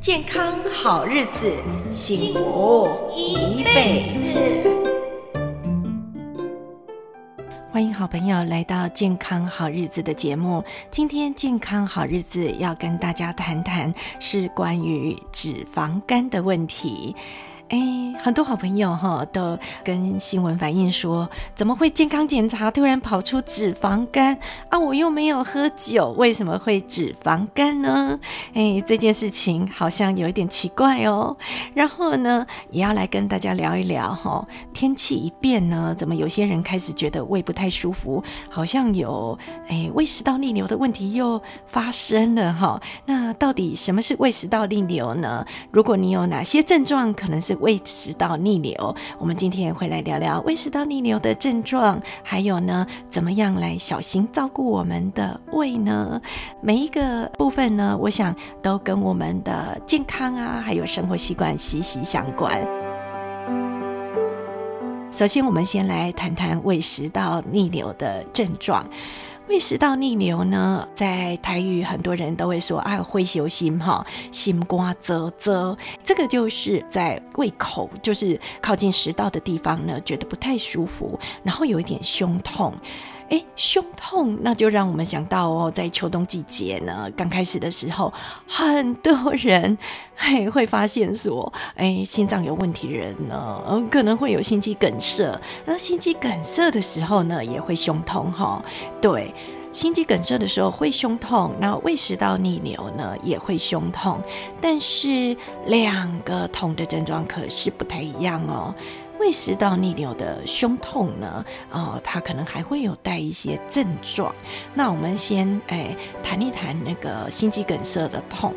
健康好日子，幸福一輩子。歡迎好朋友來到《健康好日子》的節目。今天《健康好日子》要跟大家談談，是關於脂肪肝的問題。誒，很多好朋友哈都跟新聞反映說，怎麼會健康檢查突然跑出脂肪肝啊？我又沒有喝酒，為什麼會脂肪肝呢？誒，這件事情好像有一點奇怪哦。然後呢，也要來跟大家聊一聊哈。天氣一變呢，怎麼有些人開始覺得胃不太舒服，好像有誒胃食道逆流的問題又發生了哈？那到底什麼是胃食道逆流呢？如果你有哪些症狀，可能是。胃食道逆流，我們今天也會來聊聊胃食道逆流的症狀，還有呢，怎麼樣來小心照顧我們的胃呢？每一個部分呢，我想都跟我們的健康啊，還有生活習慣息息相關。首先，我們先來談談胃食道逆流的症狀。胃食道逆流呢，在台語很多人都會說啊，火燒心哈，心肝嘖嘖，這個就是在胃口，就是靠近食道的地方呢，覺得不太舒服，然後有一點胸痛，誒，胸痛，那就讓我們想到哦，在秋冬季節呢，剛開始的時候，很多人會發現說，哎，心臟有問題的人呢，呃，可能會有心肌梗塞。那心肌梗塞的時候呢，也會胸痛哈，哦。對，心肌梗塞的時候會胸痛，那胃食道逆流呢也會胸痛，但是兩個痛的症狀可是不太一樣哦。胃食道逆流的胸痛呢，呃，它可能還會有帶一些症狀。那我們先哎，欸，談一談那個心肌梗塞的痛。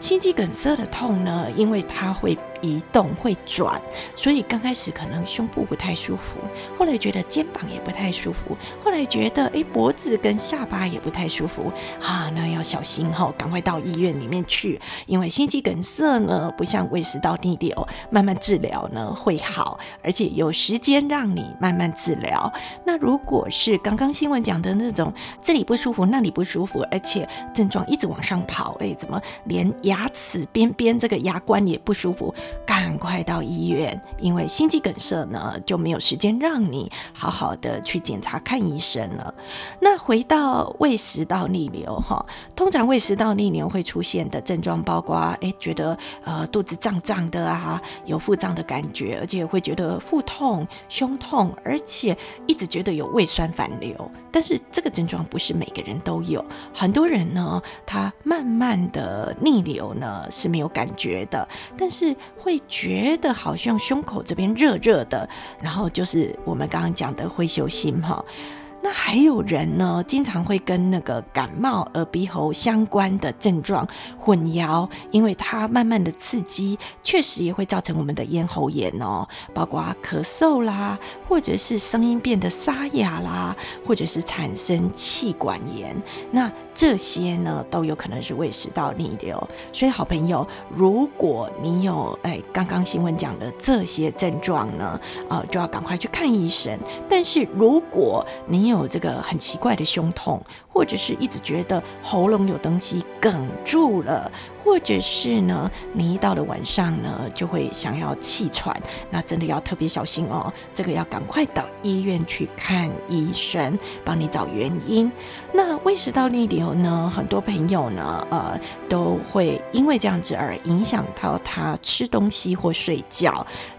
心肌梗塞的痛呢，因為它會。移動會轉，所以剛開始可能胸部不太舒服，後來覺得肩膀也不太舒服，後來覺得誒脖子跟下巴也不太舒服啊，那要小心哈，趕快到醫院裡面去，因為心肌梗塞呢不像胃食道逆流，慢慢治療呢會好，而且有時間讓你慢慢治療。那如果是剛剛新聞講的那種，這裡不舒服那裡不舒服，而且症狀一直往上跑，哎怎麼連牙齒邊邊這個牙關也不舒服？趕快到醫院，因為心肌梗塞呢就沒有時間讓你好好的去檢查看醫生了。那回到胃食道逆流哈，通常胃食道逆流會出現的症狀包括：誒、哎、覺得呃肚子脹脹的啊，有腹脹的感覺，而且會覺得腹痛、胸痛，而且一直覺得有胃酸反流。但是這個症狀不是每個人都有，很多人呢他慢慢的逆流呢是沒有感覺的，但是。會覺得好像胸口這邊熱熱的，然後就是我們剛剛講的火燒心哈、哦。那還有人呢，經常會跟那個感冒、耳鼻喉相關的症狀混淆，因為它慢慢的刺激，確實也會造成我們的咽喉炎哦，包括咳嗽啦，或者是聲音變得沙啞啦，或者是產生氣管炎。那。這些呢都有可能是胃食道逆流、喔、所以好朋友，如果你有哎剛剛新聞講的這些症狀呢，呃，就要趕快去看醫生。但是如果你有這個很奇怪的胸痛，或者是一直覺得喉嚨有東西哽住了，或者是呢，你一到了晚上呢，就會想要氣喘，那真的要特別小心哦，這個要趕快到醫院去看醫生，幫你找原因。那胃食道逆流呢，很多朋友呢，呃，都會因為這樣子而影響到他吃東西或睡覺。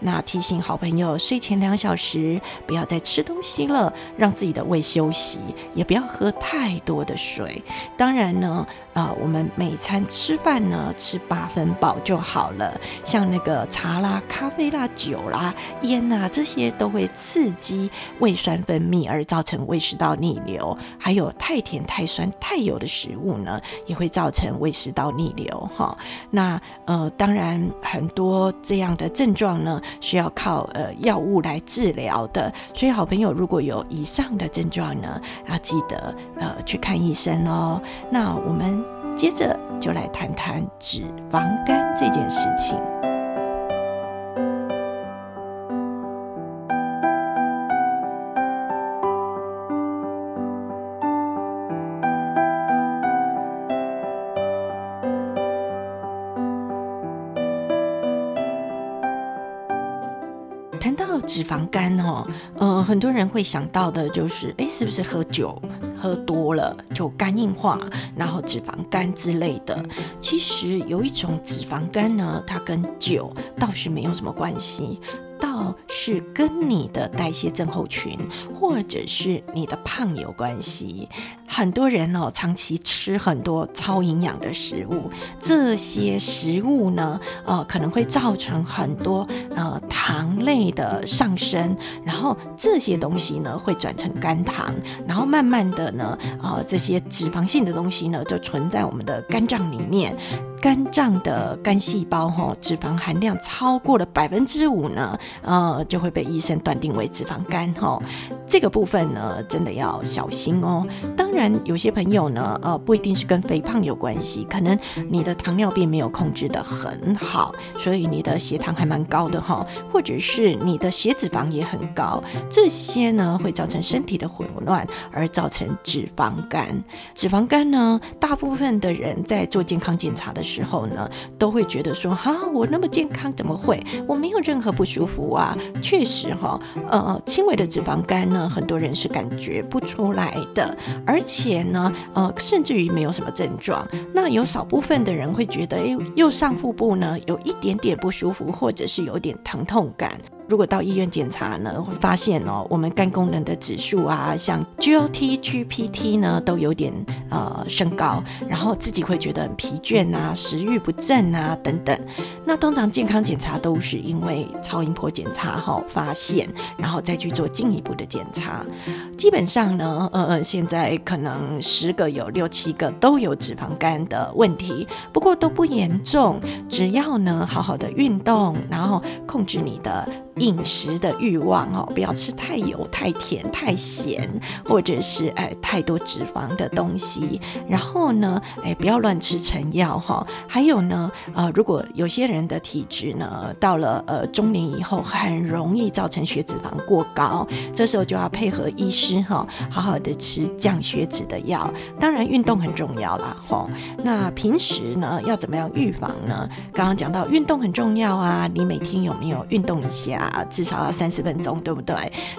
那提醒好朋友，睡前兩小時不要再吃東西了，讓自己的胃休息，也不要喝太多。多的水，當然呢。呃，我們每餐吃飯呢，吃八分飽就好了。像那個茶啦、咖啡啦、酒啦、菸呐、啊，這些都會刺激胃酸分泌，而造成胃食道逆流。還有太甜、太酸、太油的食物呢，也會造成胃食道逆流。哈，那呃，當然很多這樣的症狀呢，是要靠呃藥物來治療的。所以，好朋友如果有以上的症狀呢，要記得呃去看醫生哦。那我們。接着就來談談脂肪肝這件事情。談到脂肪肝哦，嗯、呃，很多人會想到的就是，哎，是不是喝酒？喝多了就肝硬化，然後脂肪肝之類的。其實有一種脂肪肝呢，它跟酒倒是沒有什麼關係，倒是跟你的代謝症候群或者是你的胖有關係。很多人哦，長期吃很多超營養的食物，這些食物呢，呃，可能會造成很多呃糖類的上升，然後這些東西呢會轉成肝糖，然後慢慢的呢，呃，這些脂肪性的東西呢就存在我們的肝臟裡面，肝臟的肝細胞哈、哦，脂肪含量超過了百分之五呢，呃，就會被醫生斷定為脂肪肝哈、哦，這個部分呢真的要小心哦，當然。但有些朋友呢，呃，不一定是跟肥胖有關係，可能你的糖尿病沒有控制得很好，所以你的血糖還蠻高的哈，或者是你的血脂肪也很高，這些呢會造成身體的混亂，而造成脂肪肝。脂肪肝呢，大部分的人在做健康檢查的時候呢，都會覺得說哈、啊，我那麼健康怎麼會？我沒有任何不舒服啊。確實哈，呃，輕微的脂肪肝呢，很多人是感覺不出來的，而且呢，呃，甚至於沒有什麼症狀。那有少部分的人會覺得，哎，右上腹部呢，有一點點不舒服，或者是有點疼痛感。如果到醫院檢查呢，會發現哦，我們肝功能的指數啊，像 GOT、GPT 呢都有點呃升高，然後自己會覺得很疲倦啊、食欲不振啊等等。那通常健康檢查都是因為超音波檢查後發現，然後再去做進一步的檢查。基本上呢，呃，現在可能十個有六七個都有脂肪肝的問題，不過都不嚴重，只要呢好好的運動，然後控制你的。飲食的慾望哦，不要吃太油、太甜、太鹹，或者是哎太多脂肪的東西。然後呢，哎不要亂吃成藥哈。還有呢，呃，如果有些人的體質呢，到了呃中年以後，很容易造成血脂肪過高，這時候就要配合醫師哈，好好的吃降血脂的藥。當然運動很重要啦哈，哦。那平時呢要怎麼樣預防呢？剛剛講到運動很重要啊，你每天有沒有運動一下？啊，至少要三十分鐘，對不對？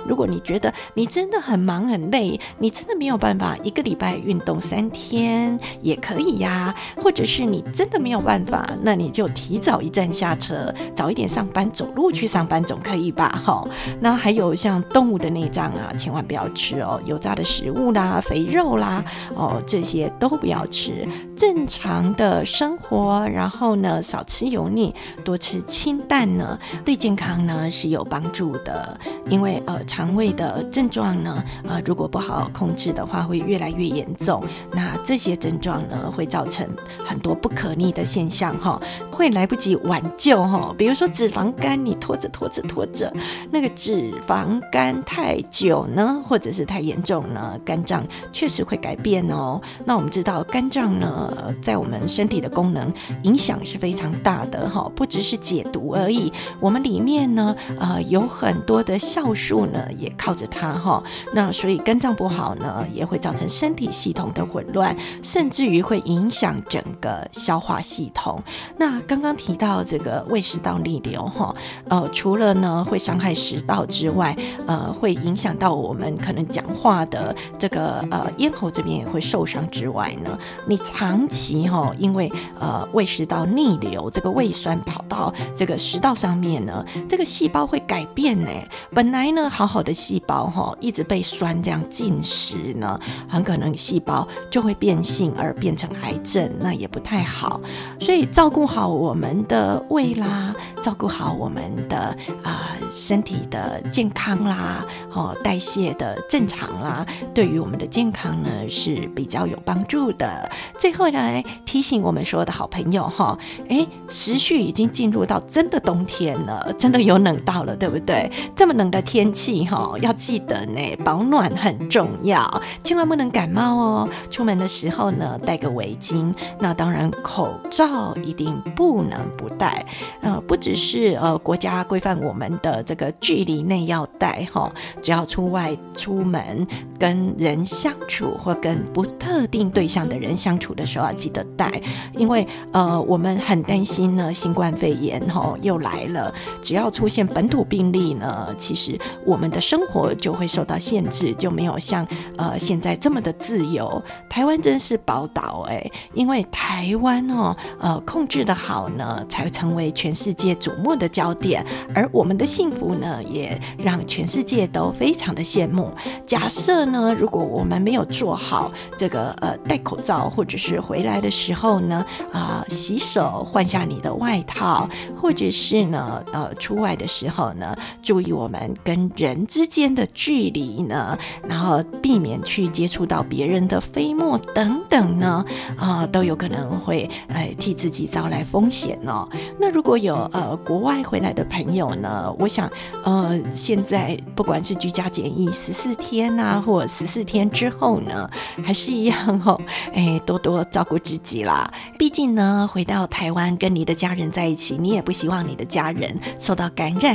如果你覺得你真的很忙很累，你真的沒有辦法一個禮拜運動三天也可以呀、啊。或者是你真的沒有辦法，那你就提早一站下車，早一點上班，走路去上班總可以吧？哈、哦。那還有像動物的內臟啊，千萬不要吃哦。油炸的食物啦，肥肉啦，哦，這些都不要吃。正常的生活，然後呢，少吃油膩，多吃清淡呢，對健康呢。是有幫助的，因為呃腸胃的症狀呢，呃如果不好控制的話，會越來越嚴重。那這些症狀呢，會造成很多不可逆的現象哈，會來不及挽救哈。比如說脂肪肝，你拖着拖着拖着，那個脂肪肝太久呢，或者是太嚴重呢，肝臟確實會改變哦。那我們知道肝臟呢，在我們身體的功能影響是非常大的哈，不只是解毒而已，我們裡面呢。呃，有很多的酵素呢，也靠着它哈。那所以肝臟不好呢，也會造成身體系統的混亂，甚至於會影響整個消化系統。那剛剛提到這個胃食道逆流哈，呃，除了呢會傷害食道之外，呃，會影響到我們可能講話的這個呃咽喉這邊也會受傷之外呢，你長期哈，因為呃胃食道逆流，這個胃酸跑到這個食道上面呢，這個細包會改變呢，本來呢好好的細胞哈、哦，一直被酸這樣侵蝕呢，很可能細胞就會變性而變成癌症，那也不太好。所以照顧好我們的胃啦，照顧好我們的啊、呃、身體的健康啦，哦代謝的正常啦，對於我們的健康呢是比較有幫助的。最後呢，提醒我們所有的好朋友哈、哦，哎時序已經進入到真的冬天了，真的有冷。到了，對不對？這麼冷的天氣哈、哦，要記得呢，保暖很重要，千萬不能感冒哦。出門的時候呢，戴個圍巾。那當然，口罩一定不能不戴。呃，不只是呃，國家規範我們的這個距離內要戴哈、哦，只要出外出門、跟人相處或跟不特定對象的人相處的時候，要記得戴，因為呃，我們很擔心呢，新冠肺炎哈、哦、又來了，只要出現。本土病例呢，其實我們的生活就會受到限制，就沒有像呃現在這麼的自由。台灣真是寶島誒，因為台灣哦呃控制的好呢，才成為全世界矚目的焦點。而我們的幸福呢，也讓全世界都非常的羨慕。假設呢，如果我們沒有做好這個呃戴口罩，或者是回來的時候呢，啊，呃，洗手，換下你的外套，或者是呢呃出外的時候之後呢，注意我們跟人之間的距離呢，然後避免去接觸到別人的飛沫等等呢，啊、呃，都有可能會哎替自己招來風險哦、喔。那如果有呃國外回來的朋友呢，我想呃現在不管是居家檢疫十四天吶、啊，或十四天之後呢，還是一樣吼、喔，哎，多多照顧自己啦。畢竟呢，回到台灣跟你的家人在一起，你也不希望你的家人受到感染。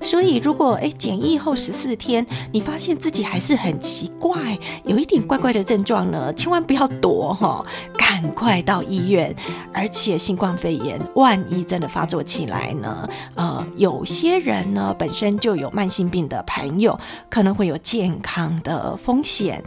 所以如果欸檢疫後十四天，你發現自己還是很奇怪，有一點怪怪的症狀呢，千萬不要躲，趕快到醫院。而且新冠肺炎萬一真的發作起來呢，呃，有些人呢本身就有慢性病的朋友，可能會有健康的風險。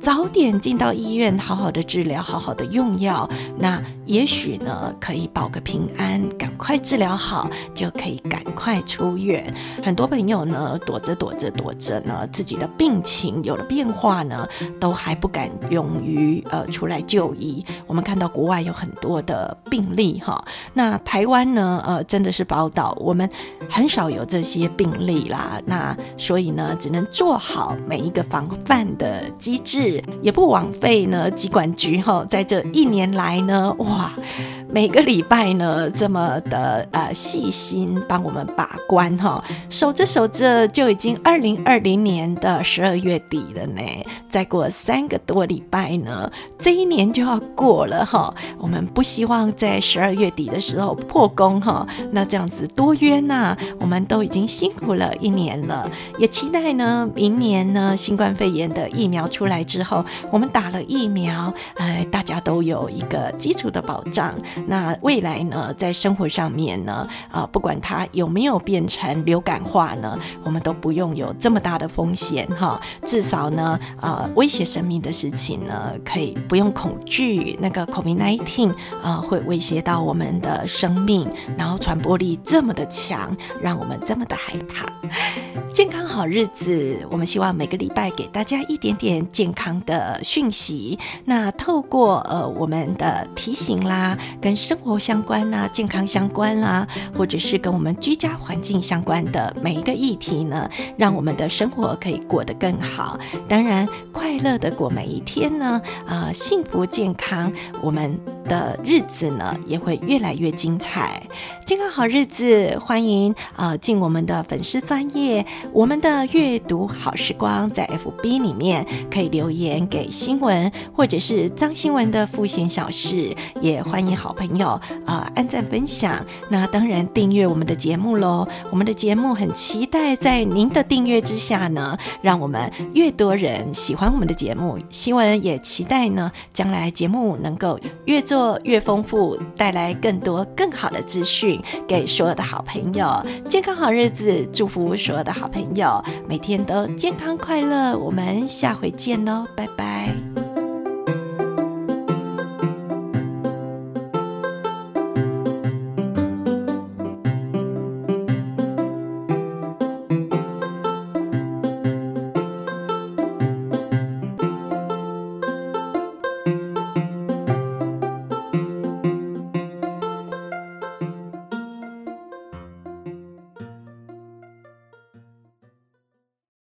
早點進到醫院，好好的治療，好好的用藥，那也許呢可以保個平安。趕快治療好就可以趕快出院。很多朋友呢躲着躲着躲着呢，自己的病情有了變化呢，都還不敢勇於呃出來就醫。我們看到國外有很多的病例哈，那台灣呢呃真的是寶島，我們很少有這些病例啦。那所以呢，只能做好每一個防範的機制，也不枉費呢，疾管局哈，在這一年來呢，哇，每個禮拜呢，這麼的呃細心幫我們把關哈，守着守着就已經二零二零年的十二月底了呢，再過三個多禮拜呢，這一年就要過了哈，我們不希望在十二月底的時候破功哈，那這樣子多冤吶，啊，我們都已經辛苦了一年了，也期待呢，明年呢，新冠肺炎的疫苗出來之。之後，我們打了疫苗，呃，大家都有一個基礎的保障。那未來呢，在生活上面呢，啊、呃，不管它有沒有變成流感化呢，我們都不用有這麼大的風險哈。至少呢，啊、呃，威脅生命的事情呢，可以不用恐懼那個 COVID-19 啊、呃，會威脅到我們的生命。然後傳播力這麼的強，讓我們這麼的害怕。健康好日子，我們希望每個禮拜給大家一點點健康的訊息，那透過呃，我們的提醒啦，跟生活相關啦，健康相關啦，或者是跟我們居家環境相關的每一個議題呢，讓我們的生活可以過得更好。當然，快樂的過每一天呢，啊、呃，幸福健康，我們的日子呢也會越來越精彩。健康好日子，歡迎啊，進、呃、我們的粉絲專頁，我們的閱讀好時光，在 FB 裡面可以留言。點給新聞或者是張新聞的復興小事，也歡迎好朋友啊、呃、按讚分享。那當然訂閱我們的節目嘍，我們的節目很期待在您的訂閱之下呢，讓我們越多人喜歡我們的節目。新聞也期待呢，將來節目能夠越做越豐富，帶來更多更好的資訊給所有的好朋友。健康好日子，祝福所有的好朋友每天都健康快樂。我們下回見哦。拜拜。